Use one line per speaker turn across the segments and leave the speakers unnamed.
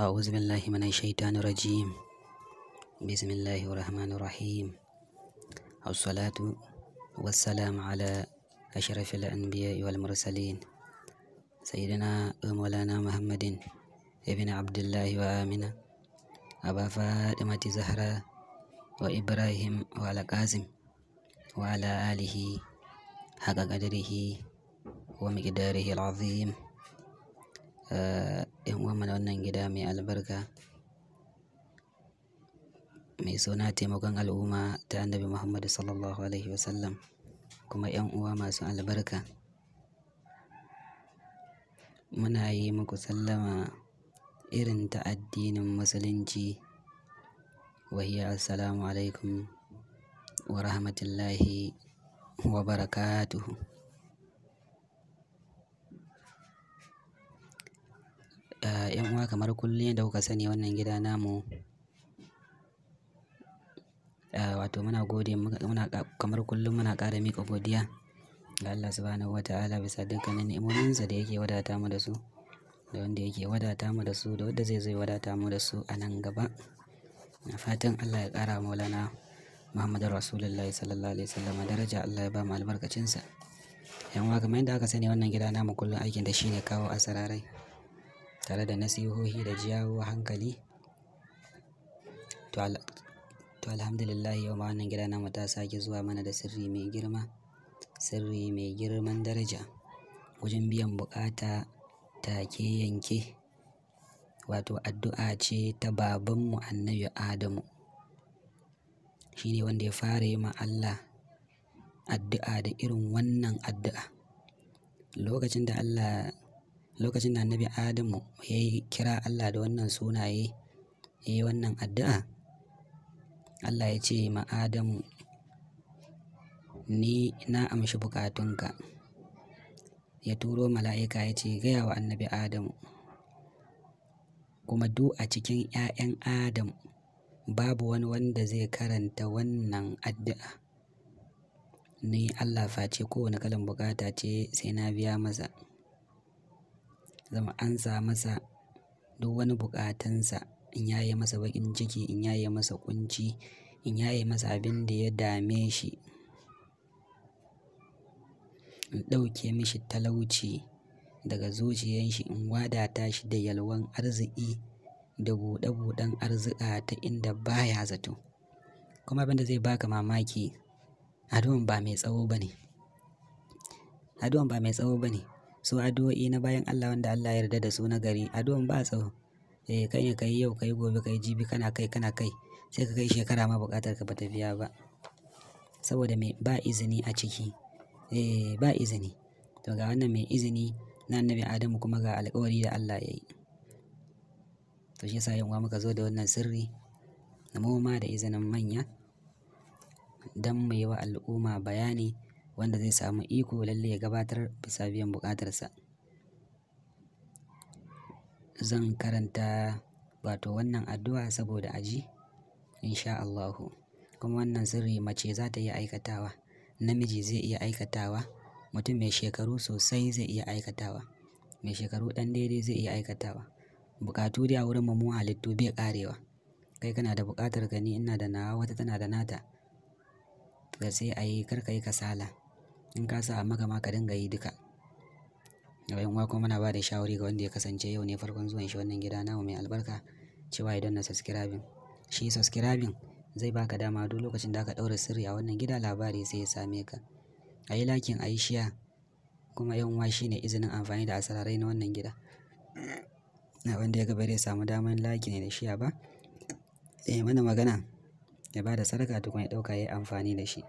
أعوذ بالله من الشيطان الرجيم بسم الله الرحمن الرحيم الصلاة والسلام على أشرف الأنبياء والمرسلين سيدنا مولانا محمد ابن عبد الله وآمنة أبا فاطمة زهرة وإبراهيم وعلى قاسم وعلى آله حق قدره ومقداره العظيم أه 'yan uwanmu na wannan gida mai albarka mai suna taimakon al'umma ta Annabi Muhammadu Sallallahu Alaihi Wasallam kuma 'yan uwa masu albarka. Muna yi muku sallama irin ta addinin Musulunci. Wahiya assalamu alaikum wa rahmatullahi wa barakatuhu. kamar kullum yadda kuka sani wannan gida namu eh, wato muna gode muna kamar kullum muna ƙara miƙa godiya ga Allah subhanahu wata'ala bisa dukkanin ni'imominsa da yake wadata mu da su da wanda yake wadata mu da su da wanda zai zai wadata mu da su a nan gaba na fatan Allah ya ƙara maulana Muhammadu Rasulullah sallallahu alaihi wasallam daraja Allah ya ba mu albarkacinsa yan wa kamar yadda aka sani wannan gida namu kullum aikin da shine kawo asararai tare da nasihohi da jawo hankali. To alhamdulillah yau ma wannan gida namu ta sake zuwa mana da sirri mai girma, sirri mai girman daraja wajen biyan buƙata take yanke. Wato addu'a ce ta babanmu Annabi Adamu. Shi ne wanda ya fara yi ma Allah addu'a da irin wannan addu'a. Lokacin da Allah lokacin da annabi Adamu ya yi kira Allah da wannan sunaye, ya yi wannan addu'a, Allah ya ce ma Adamu, ni na amshi bukatunka. Ya turo mala'ika ya ce, gaya wa annabi Adamu, kuma du a cikin ‘ya'yan Adam babu wani wanda zai karanta wannan addu'a. Ni Allah face kowane kalan bukata ce sai na biya maza. zama an sa masa duk wani sa, in yaye masa bakin ciki, in yaye masa ƙunci, in yaye masa abin da ya dame shi, in ɗauke mishi talauci daga zuciyan shi, in wadata shi da yalwan arziki da buɗe-buɗen arzika ta inda baya zato. Kuma abin da zai baka mamaki addu'an ba mai tsawo bane. ba mai tsawo bane. su addu'o'i na bayan Allah wanda Allah ya yarda da su na gari addu'an ba tsawo eh kai ne kai yau kai gobe kai jibi kana kai kana kai sai ka kai shekara ma buƙatar ka bata biya ba saboda me ba izini a ciki eh ba izini to ga wannan mai izini na annabi Adamu kuma ga alƙawari da Allah ya yi to shi yasa yanwa muka zo da wannan sirri na ma da izinin manya Dan mai wa al'umma bayani wanda zai samu iko lalle ya gabatar bisa biyan buƙatarsa. Zan karanta wato wannan addu'a saboda aji ji Allahu. Kuma wannan sirri mace za ta iya aikatawa, namiji zai iya aikatawa, mutum mai shekaru sosai zai iya aikatawa, mai shekaru ɗan daidai zai iya aikatawa. Buƙatu dai a wurin mu halittu bai karewa. Kai kana da buƙatar gani ina da nawa wata tana da nata. Da sai a yi kar ka yi kasala. in ka sa maka ma ka dinga yi duka. Yan uwa kuma muna ba da shawari ga wanda ya kasance yau ne farkon zuwan shi wannan gida namu mai albarka cewa idan danna subscribing. Shi subscribing zai baka dama duk lokacin da aka ɗaura sirri a wannan gida labari sai ya same ka. A yi lakin a yi shiya kuma yan uwa shine izinin amfani da asararai na wannan gida. Na Wanda ya gaba ya samu daman ne da shiya ba, ya mana magana ya ba da sadaka tukun ya dauka ya yi amfani da shi.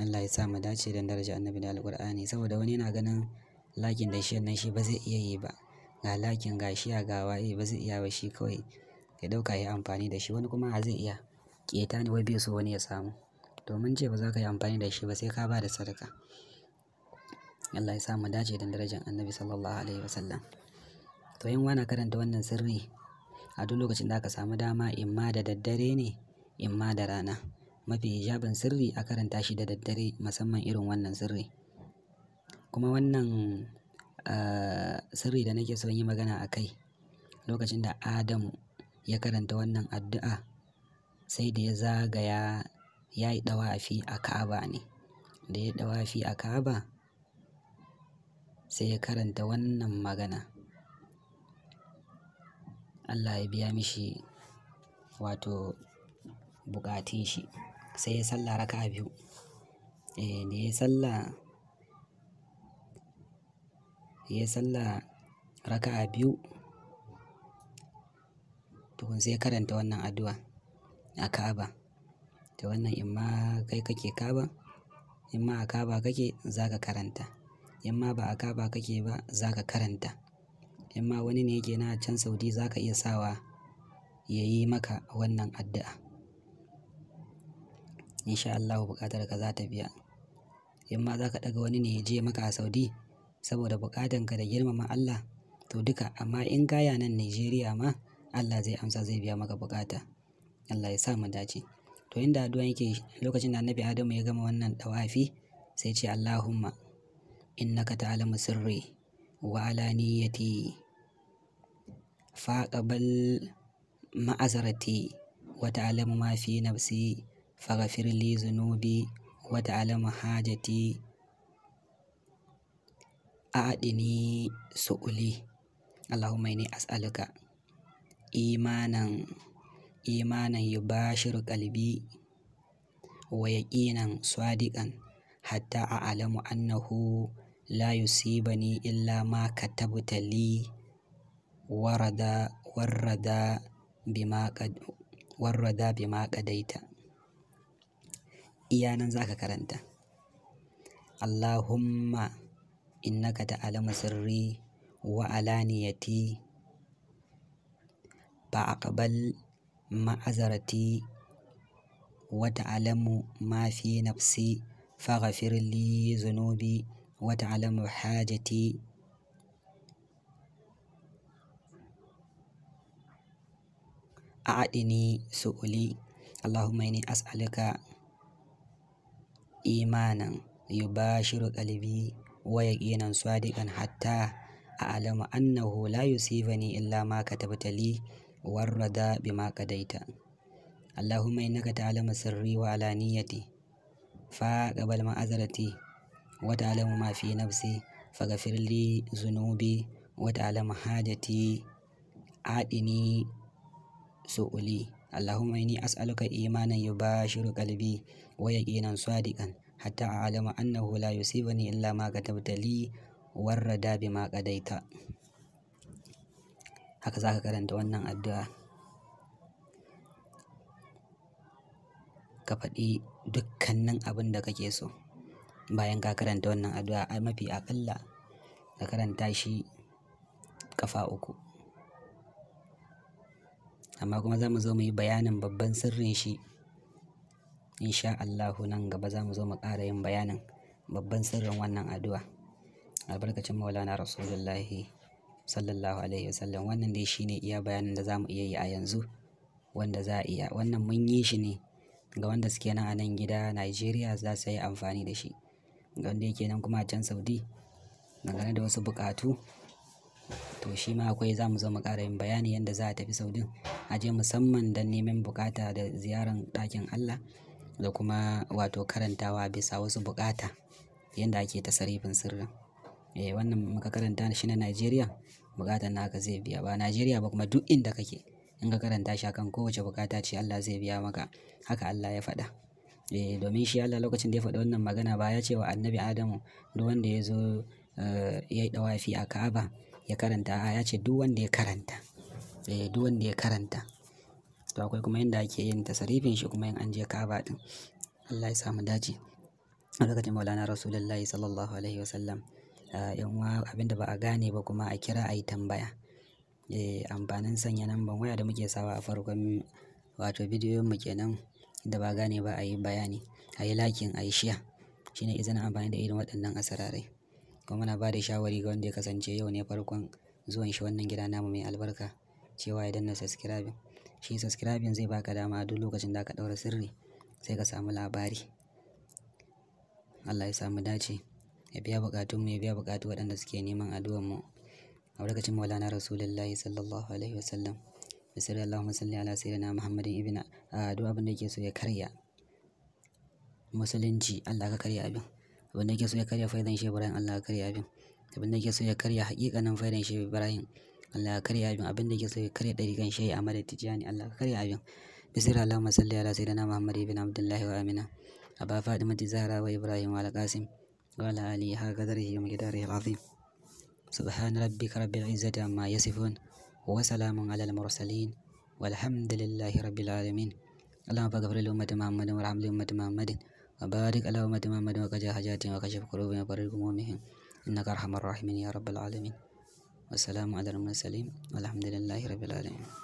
Allah ya sa mu dace da daraja annabi da alƙur'ani saboda wani yana ganin lakin da shi nan shi ba zai iya yi ba ga lakin ga shi ga waye ba zai iya ba shi kawai ya dauka ya amfani da shi wani kuma zai iya keta ne wai bai so wani ya samu to mun ce ba za ka yi amfani da shi ba sai ka ba da sadaka Allah ya sa mu dace da darajar annabi sallallahu alaihi wasallam to in wani karanta wannan sirri a duk lokacin da aka samu dama imma da daddare ne imma da rana mafi hijabin sirri a karanta shi da daddare musamman irin wannan sirri kuma wannan eh, sirri da nake son yi magana a kai lokacin da adamu ya karanta wannan addu'a sai da ya zagaya ya yi dawafi a ka'aba ne da ya dawafi a ka'aba sai ya karanta wannan magana Allah ya biya mishi wato bukatun shi sai ya sallah raka biyu eh ne ya sallah ya sallah raka biyu tukun sai karanta wannan addu'a a Ka'aba to wannan in ma kai kake Ka'aba ma a Ka'aba kake zaka karanta In ma ba a Ka'aba kake ba zaka karanta In ma wani ne yake na can Saudi zaka iya sawa yayi maka wannan addu'a insha Allah Allahu buƙatar ka za ta biya. In ma za ka ɗaga wani ne ya je maka a Saudi saboda bukatar ka da girmama Allah to duka amma in gaya nan Nijeriya ma Allah zai amsa zai biya maka buƙata. Allah ya sa mu dace. To inda addu'a yake lokacin da Annabi Adamu ya gama wannan ɗawafi sai ce Allahumma innaka ta'lamu sirri wa alaniyati faqabal ma'azarati wa ta'lamu ma fi nafsi فاغفر لي ذنوبي وتعلم حاجتي أعدني سؤلي اللهم إني أسألك إيمانا إيمانا يباشر قلبي ويقينا صادقا حتى أعلم أنه لا يصيبني إلا ما كتبت لي ورد ورد بما قد ورد بما قديت iyanan zaka karanta Allahumma innaka ta'lamu sirri wa alaniyati fa aqbal ma'azarati wa ta'lamu ma fi nafsi faghfir li dhunubi wa ta'lamu hajati a'adini سؤلي اللهم إني أسألك إيمانا يباشر قلبي ويقينا صادقا حتى أعلم أنه لا يصيبني إلا ما كتبت لي والرضا بما قديت اللهم إنك تعلم سري وعلانيتي فقبل معذرتي وتعلم ما في نفسي فغفر لي ذنوبي وتعلم حاجتي أعطني سؤلي allahumma inni as'aluka imanin ya imanan yubashiru qalbi wa yaqinan sadidan hatta a'lamu annahu la yusibani illa ma katabta li wa rada bi ma qadaita haka zaka karanta wannan addu'a ka fadi dukkanin abin da kake so bayan ka karanta wannan addu'a ai mafi akalla ka karanta shi kafa uku amma kuma za mu zo mu yi bayanin babban sirrin shi insha Allahu nan gaba za mu zo mu ƙara yin bayanin babban sirrin wannan addu'a albarkacin maulana rasulullah sallallahu alaihi wasallam wannan dai shine iya bayanin da za mu iya yi a yanzu wanda za a iya wannan mun yi shi ne ga wanda suke nan a nan gida Najeriya za su yi amfani da shi ga wanda yake nan kuma a can Saudi dangane da wasu buƙatu to shi ma akwai za mu zo mu ƙara yin bayani yadda za a tafi saudin a je musamman don neman bukata da ziyarar ɗakin allah da kuma wato karantawa bisa wasu bukata yadda ake tasarifin sirrin eh wannan muka karanta shi na najeriya na naka zai biya ba najeriya ba kuma duk inda kake in ka karanta shi akan kowace bukata ce allah zai biya maka haka allah ya faɗa eh domin shi allah lokacin da ya faɗi wannan magana ba ya ce wa annabi adamu duk wanda ya zo eh, ya yi ɗawafi a ka'aba ya karanta a ya ce duk wanda ya karanta eh duk wanda ya karanta to akwai kuma yanda ake yin tasarifin shi kuma in an je kaba din Allah ya samu dace a lokacin maulana rasulullahi sallallahu alaihi wasallam eh, yan uwa abinda ba a gane ba kuma a kira a yi tambaya eh, amfanin sanya namban waya da muke sawa a farkon wato bidiyon mu kenan da ba gane ba a yi bayani a yi lakin a yi shiya shine izinin amfani da irin waɗannan asararai Kuma muna ba da shawari ga wanda ya kasance yau ne farkon zuwan shi wannan gida namu mai albarka cewa ya danna subscribing. Shi subscribing zai baka dama duk lokacin da aka daura sirri sai ka samu labari. Allah ya samu dace, ya biya bukatun mu, ya biya buƙatu waɗanda suke neman addu'ar mu. A Albarkacin Maulana Rasulullahi Sallallahu Alaihi Wasallam. Bi sirri Allahumma salli ala sayyidina Muhammadin ibn a ah, duk abin da yake so ya karya. Musulunci Allah ka karya abin. abin yake so ya karya faidan shi Ibrahim Allah ya karya abin abin yake so ya karya haƙiƙanin faidan shi Ibrahim Allah ya karya abin abinda yake so ya karya ɗariƙan shi Ahmad Tijani Allah ya karya abin bisir Allahumma salli ala sayyidina Muhammad ibn Abdullah wa amina aba Fatima Zahra wa Ibrahim wa al-Qasim wa ala ali ha hakadarihi wa gidarihi al-azim rabbika سبحان ربك رب العزة عما يصفون وسلام على المرسلين والحمد لله رب العالمين اللهم فاغفر لأمة محمد وارحم لأمة محمد بارك على أمة محمد وكجا حاجاتهم وكشف قلوبهم وبرر همومهم إنك أرحم الراحمين يا رب العالمين والسلام على المرسلين والحمد لله رب العالمين